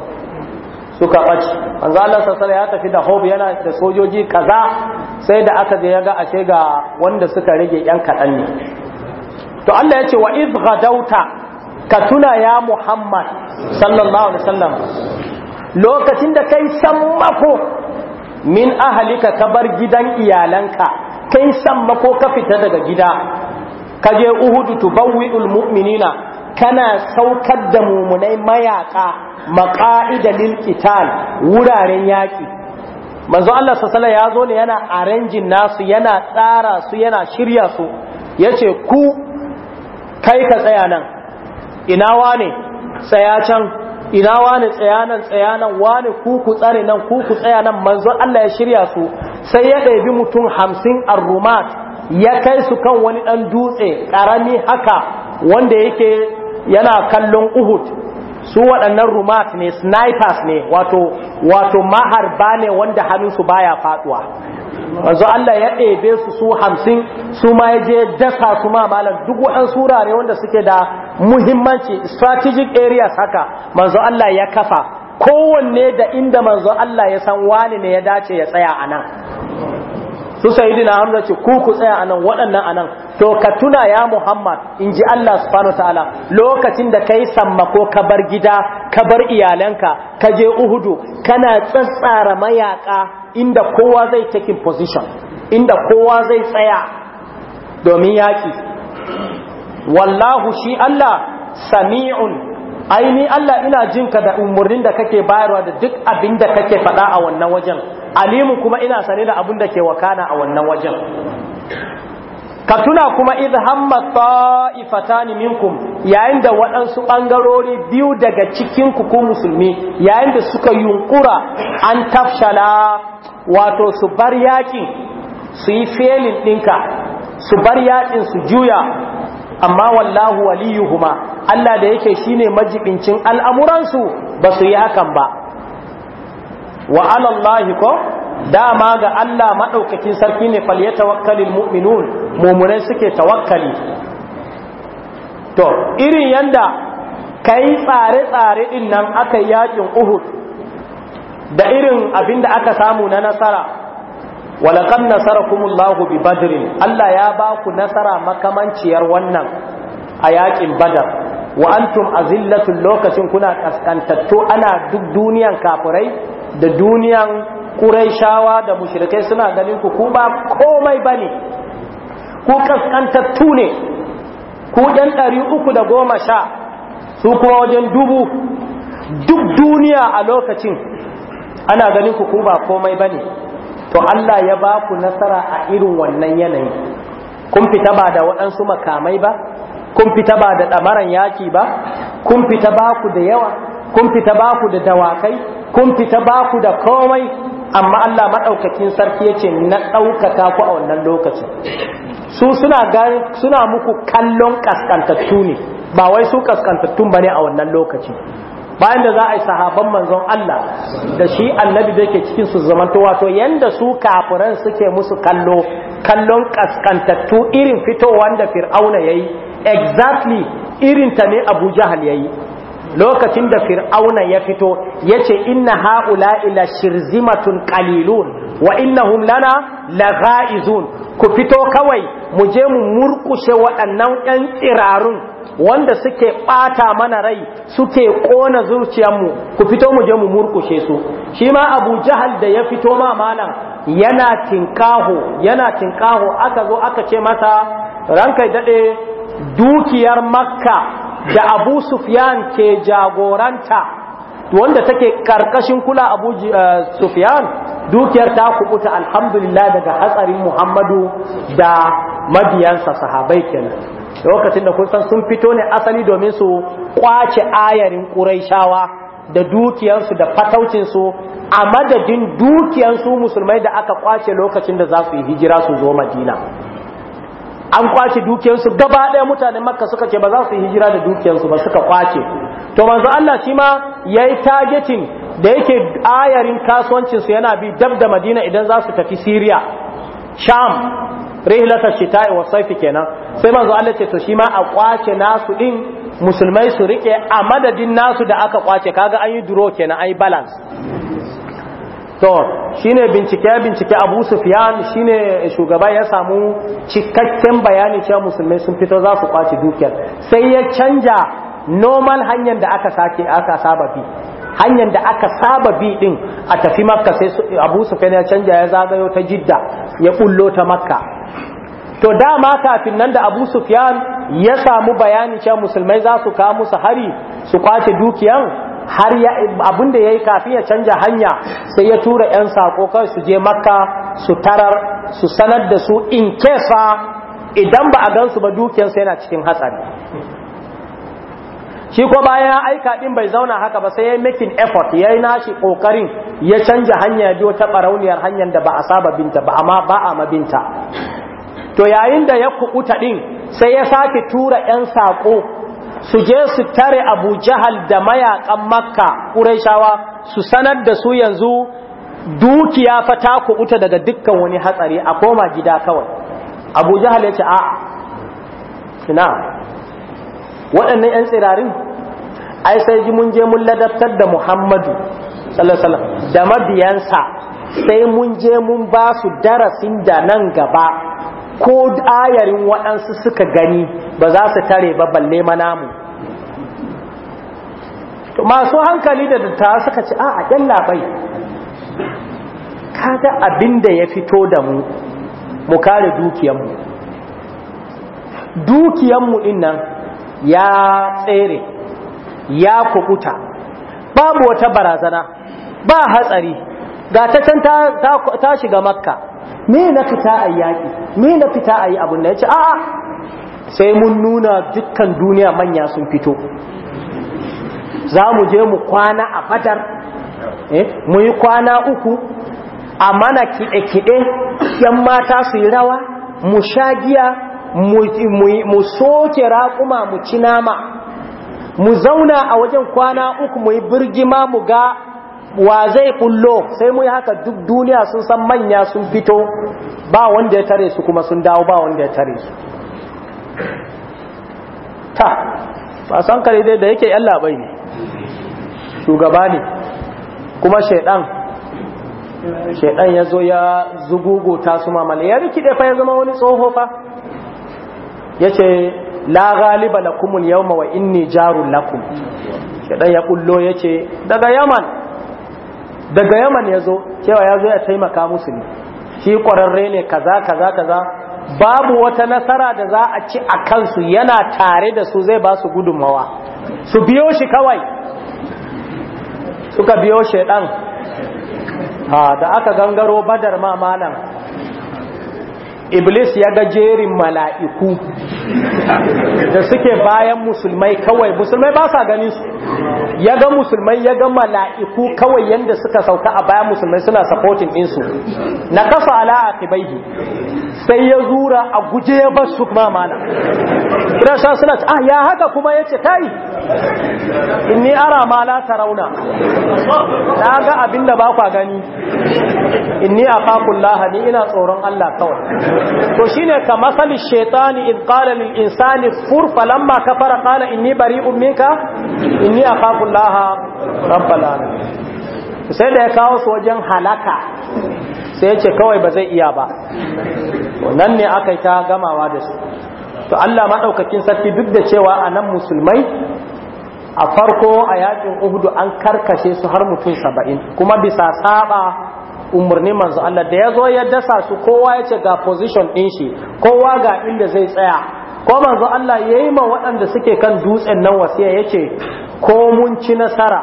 suka bace manzo Allah sallallahu ya tafi da hobi yana da sojoji kaza sai da aka je yaga ashe ga wanda suka rage yan kaɗan ne to Allah ya ce wa idh gadauta ka tuna ya Muhammad sallallahu alaihi wasallam lokacin da kai sammako min ahlika ka bar gidan iyalanka kai sammako ka fita daga gida ka je uhudu tubawwi'ul mu'minina kana saukar da mumunai mayaka maqa'ida lil qital wuraren yaki manzo Allah sallallahu ya zo ne yana arrangin nasu yana tsara su yana shirya su yace ku kai ka tsaya nan ina wane tsaya can ina wane tsaya nan tsaya nan wane ku ku tsare nan ku ku tsaya nan manzo Allah ya shirya su sai ya ɗebi mutum hamsin arrumat ya kai su kan wani ɗan dutse ƙarami haka wanda yake yana kallon uhud su waɗannan rumat ne snipers ne wato wato maharba ne wanda hannunsu baya faɗuwa wanzu Allah ya ɗebe su su hamsin su ma ya je dasa su ma malam duk waɗansu surare wanda suke da muhimmanci strategic areas haka manzo Allah ya kafa kowanne da inda manzo Allah ya san wani ne ya dace ya tsaya a nan su na hamza ce ku ku tsaya anan waɗannan anan to ka tuna ya muhammad in ji allah subhanahu ta'ala lokacin da kai sammako ka bar gida ka bar iyalanka ka je uhudu kana tsatsara mayaka inda kowa zai taking position inda kowa zai tsaya domin yaki wallahu shi allah sami'un aini Allah ina jinka da umarnin da kake bayarwa da duk abin da kake faɗa a wannan wajen alimu kuma ina sane da abin da ke wakana a wannan wajen ka tuna kuma idh hamma ta'ifatan minkum yayin da waɗansu bangarori biyu daga cikin ku musulmi yayin da suka yunkura an tafshala wato su bar yakin su yi felin ɗinka su bar yakin su juya amma wallahu waliyuhuma Allah da yake shine majibincin al'amuransu ba su yi hakan ba wa alallahi ko dama ga Allah maɗaukakin sarki ne fal ya tawakkali mu'minun mummunai suke tawakkali to irin yanda kai tsare-tsare din nan aka yakin Uhud da irin abinda aka samu na nasara nasara kumullahu bi badrin Allah ya ba ku nasara makamanciyar wannan a yakin Badar wa antum azillatul lokacin kuna kaskantattu ana duk duniyan kafirai da duniyan ƙuraishawa da mushrikai suna ganin ku kuma komai ba ne ku kaskantattu ne ku ɗan ɗari uku da goma sha su kuma wajen dubu duk duniya a lokacin ana ganin ku ku komai ba ne to Allah ya ba ku nasara a irin wannan yanayi kun fita ba da waɗansu makamai ba kun fita ba da ɗamaran yaki ba kun fita ba ku da yawa kun fita ba ku da dawakai kun fita ba ku da komai amma Allah maɗaukakin sarki yace ce na ɗaukaka ku a wannan lokacin su suna suna muku kallon kaskantattu ne ba wai su kaskantattun ne a wannan lokaci bayan da za a yi sahaban manzon Allah da shi annabi da yake cikin su zamanta wato yanda su kafiran suke musu kallo kallon kaskantattu irin fitowa da fir'auna yayi exactly irin ta ne Abu Jahal yayi lokacin da fir'auna ya fito ya ce inna ha'ula ila shirzimatun qalilun wa innahum lana lagha'izun ku fito kawai mu je mu murkushe waɗannan ƴan tsirarun wanda suke ɓata mana rai suke ƙona mu ku fito mu je mu murkushe su shi ma abu jahal da ya fito ma malam yana tinkaho yana tinkaho aka zo aka ce masa rankai daɗe dukiyar makka da abu sufyan ke jagoranta wanda take karkashin kula abu eh, sufyan dukiyar ta kubuta alhamdulillah daga hatsarin muhammadu da mabiyansa sahabai kenan lokacin da kun sun fito ne asali domin su kwace ayarin ƙuraishawa da dukiyarsu da fataucinsu a madadin dukiyarsu musulmai da aka kwace lokacin da za su yi hijira su zo madina an kwace dukiyarsu gaba ɗaya mutanen makka suka ce ba za su yi hijira da dukiyarsu ba suka kwace to manzo Allah shi ma yayi targeting da yake ayarin kasuwancin su yana bi dab da Madina idan za su tafi Syria Sham rihlata shita'i wa sayfi kenan sai manzo Allah ce to shi ma a kwace nasu din musulmai su rike a madadin nasu da aka kwace kaga an yi draw kenan an yi balance to shine bincike bincike Abu shi shine shugaba ya samu cikakken bayani cewa musulmai sun fito za su kwace dukiyar sai ya canja normal hanyar da aka sake aka saba bi hanyar da aka saba bi din a tafi makka sai Abu Sufyan ya canja ya zagayo ta Jidda ya kullo ta makka to dama kafin nan da Abu Sufyan ya samu bayani cewa musulmai za su kawo musu hari su kwace dukiyan. har ya abin da yayi kafin ya canja hanya sai ya tura yan sako kai su je makka su tarar su sanar da su in kesa idan ba a gansu ba dukiyarsa yana cikin hatsari shi ko bayan ya aika din bai zauna haka ba sai ya making effort ya yi nashi kokarin ya canja hanya ya biyo ta barauniyar hanyar da ba a saba binta ba amma ba a mabinta to yayin da ya kuɓuta din sai ya sake tura yan sako su je su tare abu jahal da mayakan makka ƙuraishawa su sanar da su yanzu dukiya fa ta kubuta daga dukkan wani hatsari a koma gida kawai abu jahal ya ce a'a ina waɗannan 'yan tsirarin ai sai ji mun je mun ladabtar da muhammadu da mabiyansa sai mun je mun ba su darasin da nan gaba ko ayarin waɗansu suka gani ba za su tare ba balle manamu masu hankali da dattawa suka ci a a labai kada abin da ya fito da mu mu kare dukiyanmu dukiyanmu dinnan ya tsere ya kukuta babu wata barazana ba hatsari ga ta can ta shiga makka me na fita a yaƙi me na fita a yi abin da ya ce a'a sai mun nuna dukkan duniya manya sun fito za mu je mu kwana a fatar eh, mu yi kwana uku a mana kiɗe-kiɗe yan mata su yi rawa mu sha giya, mu soke raƙuma mu ci nama mu zauna a wajen kwana uku mu yi birgima mu ga wa zai kullo sai mu haka duk duniya sun san manya sun fito ba wanda ya tare su kuma sun dawo ba wanda ya tare su ta ba san kare dai da yake yalla bai ne shugaba ne kuma shaidan shaidan ya zo ya ta su mamale ya da fa ya zama wani tsoho fa ya ce la galiba lakumul yawma wa inni jarul lakum shaidan ya kullo ya ce daga yaman daga yaman ya zo cewa ya zo ya taimaka musu ne shi kwararre ne kaza kaza kaza babu wata nasara da za a ci a kansu yana tare da su zai ba su gudunmawa su biyo shi kawai suka biyo shaidan da aka gangaro badar mamanan iblis ya ga jerin mala'iku da suke bayan musulmai kawai musulmai ba sa ganin su ya ga musulmai ya ga mala'iku kawai yadda suka sauka a bayan musulmai suna supporting insu na kasa ala a kibaihi sai ya zura a guje ya bar su kuma mana sha suna ah ya haka kuma ya ce kai inni ara ma la rauna. na ga abin da ba kwa gani inni a kakun ni ina tsoron Allah kawai to shine ka masalin shaitani in qala lil insani fur falamma kafara qala inni bari'un minka inni akhafu llaha rabbal alamin sai da ya kawo su wajen halaka sai ya ce kawai ba zai iya ba wannan ne aka ta gamawa da su to Allah madaukakin sarki duk da cewa anan musulmai a farko a yakin uhudu an karkashe su har mutum saba'in kuma bisa saba umarni manzo Allah da ya zo ya dasa su kowa ya ce ga position ɗin shi kowa ga inda zai tsaya ko manzo Allah ya yi ma waɗanda suke kan dutsen nan wasiya ya ce ko mun ci nasara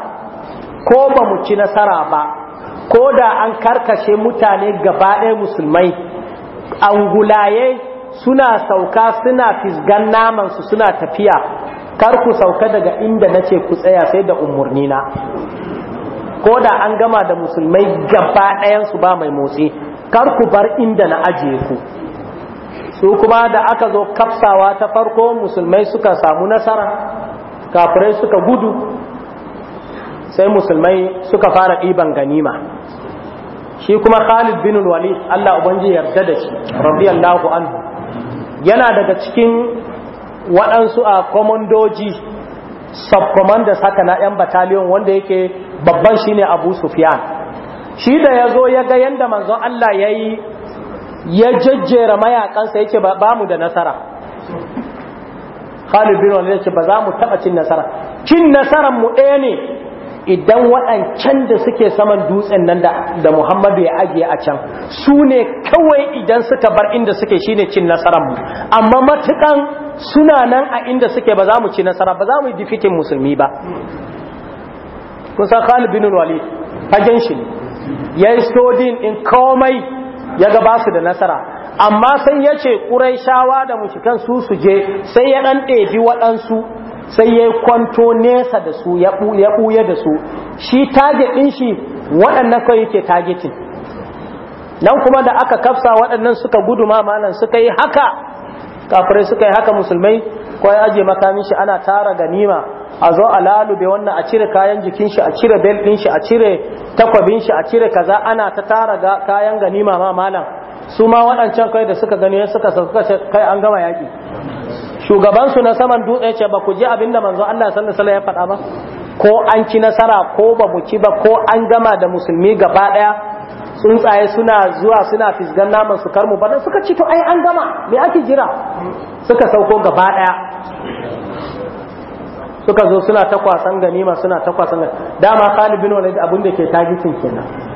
ko ba mu ci nasara ba ko da an karkashe mutane gaba ɗaya musulmai angulaye suna sauka suna fisgan namansu suna tafiya kar ku sauka daga inda na ce ku tsaya sai da umarni na ko da an gama da musulmai gaba ɗayansu ba mai motsi kar ku bar inda na ajiye ku su kuma da aka zo kafsawa ta farko musulmai suka samu nasara kafirai suka gudu sai musulmai suka fara ɗiban ganima shi kuma khalid bin walid allah ubanji yarda da shi radiyallahu anhu yana daga cikin waɗansu a komandoji subcommanders haka na 'yan bataliyon wanda yake babban shine abu sufyan shi da ya zo ya ga yadda manzon Allah ya yi ya jejjera mayakansa yake ba mu da nasara Khalid bin Walid yake ba za mu taba cin nasara cin nasaran mu ɗaya ne idan waɗancan da suke saman dutsen nan da Muhammadu ya ajiye a can su ne kawai idan suka bar inda suke shine cin nasarar amma matukan suna nan a inda suke ba za mu ci nasara ba za mu yi difitin musulmi ba Kusan Khalid bin Walid fagen shi ne ya yi din in komai ya ga basu da nasara amma sai ya ce shawa da mushikan su su je sai ya ɗan ɗebi waɗansu sai ya kwanto nesa da su ya buya da su shi target ɗin shi waɗannan kawai yake targeting nan kuma da aka kafsa waɗannan suka gudu malan suka yi haka kafirai suka yi haka musulmai ko ya aje makamin shi ana tara ganima a zo a lalube wannan a cire kayan jikin shi a cire bel ɗin shi a cire takwabin shi a cire kaza ana ta tara kayan ganima ma malam su ma waɗancan kai da suka gani suka sauka kai an gama yaki. shugabansu na saman dutse ce ba ku ji abin da manzo Allah sallallahu alaihi ya faɗa ba ko an ci nasara ko ba mu ci ba ko an gama da musulmi gaba ɗaya tsuntsaye suna zuwa suna fisgan naman su karmu ba suka ci to ai an gama me ake jira suka sauko gaba ɗaya suka zo suna ta kwasan ganima suna ta kwasan ganima dama Khalid bin Walid abin da ke tagitin kenan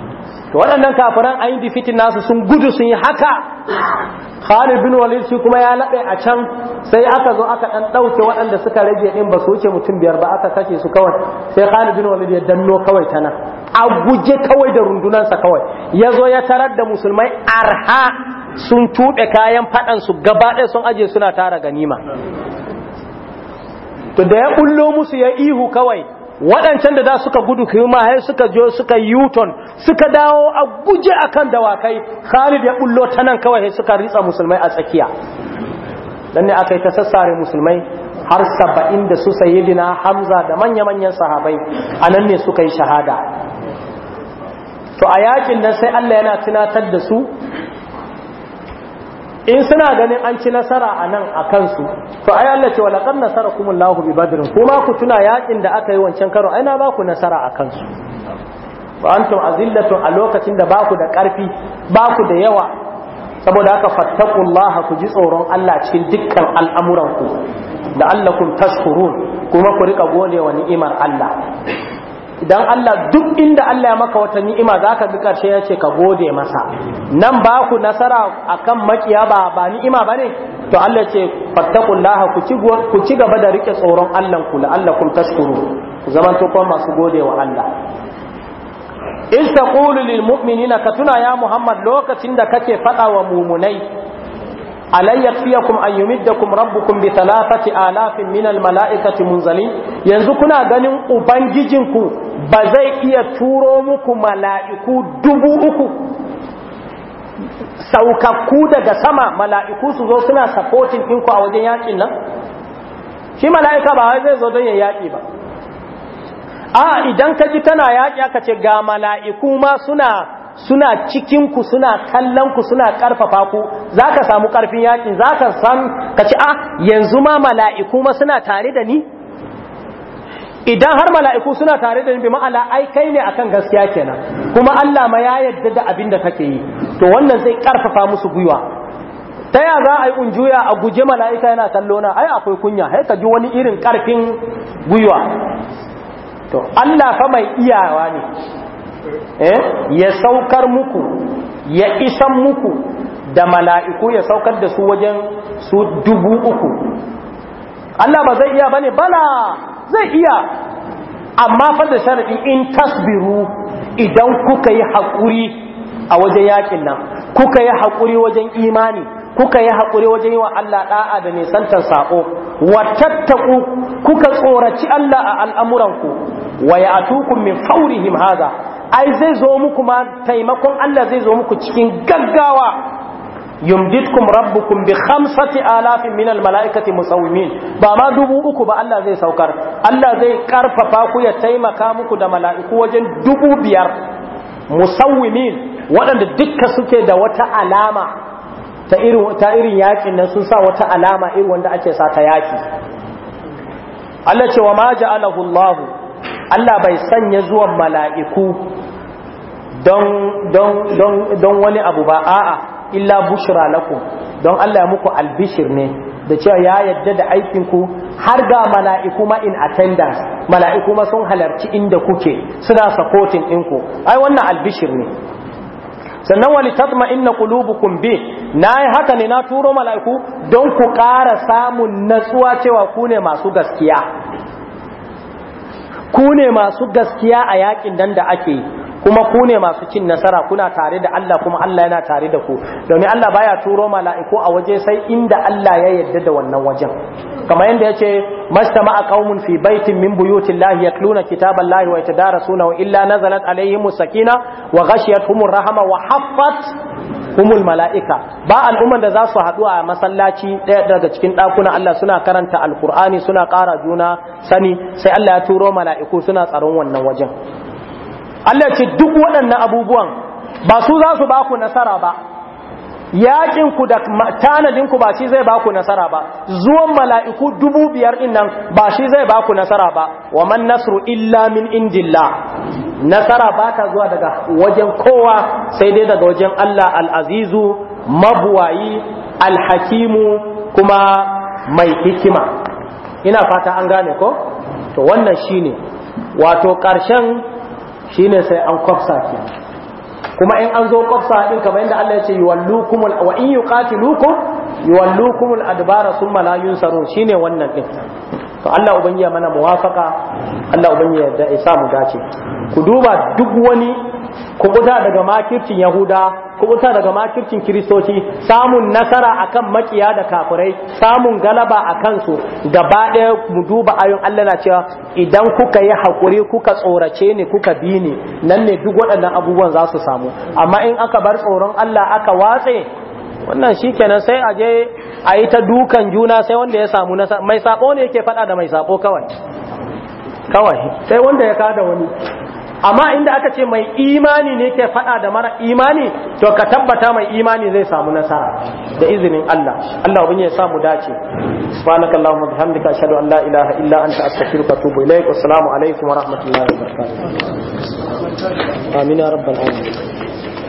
to waɗannan kafiran a yi difitin nasu sun gudu sun yi haka Khalid bin Walid shi kuma ya laɓe a can sai aka zo aka ɗan ɗauke waɗanda suka rage ɗin ba su wuce mutum biyar ba aka kashe su kawai sai Khalid bin Walid ya danno kawai ta nan a guje kawai da rundunansa kawai ya zo ya tarar da musulmai arha sun tuɓe kayan su gaba ɗaya sun aje suna tara ganima to da ya bullo musu ya ihu kawai waɗancan da da suka gudu kuma har suka jo suka yuton suka dawo a guje akan dawakai Khalid ya bullo ta nan kawai suka ritsa musulmai a tsakiya dan ne aka yi ta sassare musulmai har saba'in da su sayyidina Hamza da manya-manyan sahabai a nan ne suka yi shahada to a yakin nan sai Allah yana tunatar da su in suna ganin an ci nasara a nan a kansu to ai Allah ce wala kan nasara kuma Allahu bi badr kuma ku tuna yakin da aka yi wancan karo ai na ba ku nasara a kansu wa antum azillatun a lokacin da ba ku da karfi ba ku da yawa saboda haka fattaqullaha ku ji tsoron Allah cikin dukkan ku da Allah kun tashkurun kuma ku rika gode wa ni'imar Allah idan Allah duk inda Allah ya maka wata ni'ima za ka ga karshe ya ce ka gode masa nan ba ku nasara akan makiya ba ba ni'ima bane to Allah ce fattaqullaha ku ci ku ci gaba da rike tsoron Allah ku kun tashkuru zaman to kuma masu gode wa Allah in taqulu lil mu'minina ka tuna ya Muhammad lokacin da kake fada wa mumunai alai yakfiyakum an yumiddakum rabbukum bi talafati alafin min al mala'ikati munzalin yanzu kuna ganin ubangijinku ba zai iya turo muku mala'iku dubu uku saukakku daga sama mala'iku su zo suna supporting ɗinku a wajen yakin nan shi mala'ika ba zai zo don ya yaƙi ba a idan ka ji kana yaƙi aka ce ga mala'iku ma suna suna cikin ku suna kallon ku suna karfafa ku zaka samu karfin yakin zaka san ci ah yanzu ma mala'iku ma suna tare da ni idan har mala'iku suna tare da bi ma'ala ai kai ne akan gaskiya kenan kuma Allah ma ya yarda da abin da kake yi to wannan zai karfafa musu gwiwa ta ya za a yi unjuya a guje mala'ika yana kallo na ai akwai kunya sai ka ji wani irin karfin gwiwa to Allah fa mai iyawa ne Eh? ya saukar muku ya isan muku da mala'iku ya saukar da su wajen su dubu uku Allah ba zai iya ba ne bala zai iya amma fadda sharaɗi in tasbiru idan kuka yi haƙuri a wajen yakin nan kuka yi haƙuri wajen imani kuka yi haƙuri wajen yi wa Allah ɗa'a da nisantar saƙo wa tattaku kuka tsoraci Allah a al'amuranku wa ya atukun min faurihim haza ai zai zo muku ma taimakon Allah zai zo muku cikin gaggawa yumditkum rabbukum bi khamsati alafin min al mala'ikati musawwimin ba ma dubu uku ba Allah zai saukar Allah zai karfafa ku ya taimaka muku da mala'iku wajen dubu biyar musawwimin waɗanda dukka suke da wata alama ta irin ta irin yakin nan sun sa wata alama irin wanda ake sa ta yaki Allah ce wa ma ja'alahu Allahu Allah bai sanya zuwa mala'iku don wani abu ba a'a illa bushra ku don Allah ya muku albishir ne da cewa ya yadda da aikinku har ga mala'iku ma in attendance mala'iku ma sun halarci inda kuke suna supporting inku ai wannan albishir ne sannan wani tatma inna kumbi bi yi haka ne na turo mala'iku don ku ƙara samun natsuwa cewa ku ne masu gaskiya ku ne masu gaskiya a yakin dan da ake yi kuma ku ne masu cin nasara kuna tare da Allah kuma Allah yana tare da ku domin Allah baya turo mala'iku a waje sai inda Allah ya yarda da wannan wajen kamar yadda yace mastama'a qaumun fi baitin min buyutillahi yatluna kitaballahi wa yatadarasunahu illa nazalat alaihimus sakina wa ghashiyatuhumur rahama wa haffat humul mala'ika ba al'umman da za su haɗu a masallaci ɗaya daga cikin ɗakunan Allah suna karanta alkur'ani suna ƙara juna sani sai Allah ya turo mala'iku suna tsaron wannan wajen Allah ce duk waɗannan abubuwan ba su za su ba ku nasara ba yakin ku da tanadin ku ba shi zai baku nasara ba zuwan mala'iku dubu biyar din nan ba shi zai baku nasara ba wa man nasru illa min indillah nasara ba ta zuwa daga wajen kowa sai dai daga wajen Allah al'azizu mabuwayi alhakimu kuma mai hikima ina fata an gane ko to wannan shine wato ƙarshen shine sai an kwafsa ke kuma in an zo kwafsa ɗin kamar yadda Allah ya ce yuwallukumul wa in yuqatilukum yuwallukumul sun summa la yunsarun shine wannan ɗin to Allah ubangiya mana muwafaka Allah ubangiya da isa mu dace ku duba duk wani kubuta daga makircin yahuda kubuta daga makircin kiristoci samun nasara akan makiya da kafirai samun galaba a kansu gaba ɗaya mu duba ayon Allah na cewa idan kuka yi haƙuri kuka tsorace ni kuka bi ni nan ne duk waɗannan abubuwan za su samu amma in aka bar tsoron Allah aka watse wannan shikenan sai a je a yi ta dukan juna sai wanda ya samu mai sako ne yake fada da mai sako kawai kawai sai wanda ya kada wani amma inda aka ce mai imani ne ke fada da mara imani to ka tabbata mai imani zai samu nasara da izinin Allah Allah ubin ya samu dace subhanakallahumma bihamdika ashhadu an la ilaha illa anta astaghfiruka wa atubu ilaik assalamu alaikum wa rahmatullahi wa barakatuh amin ya rabbal alamin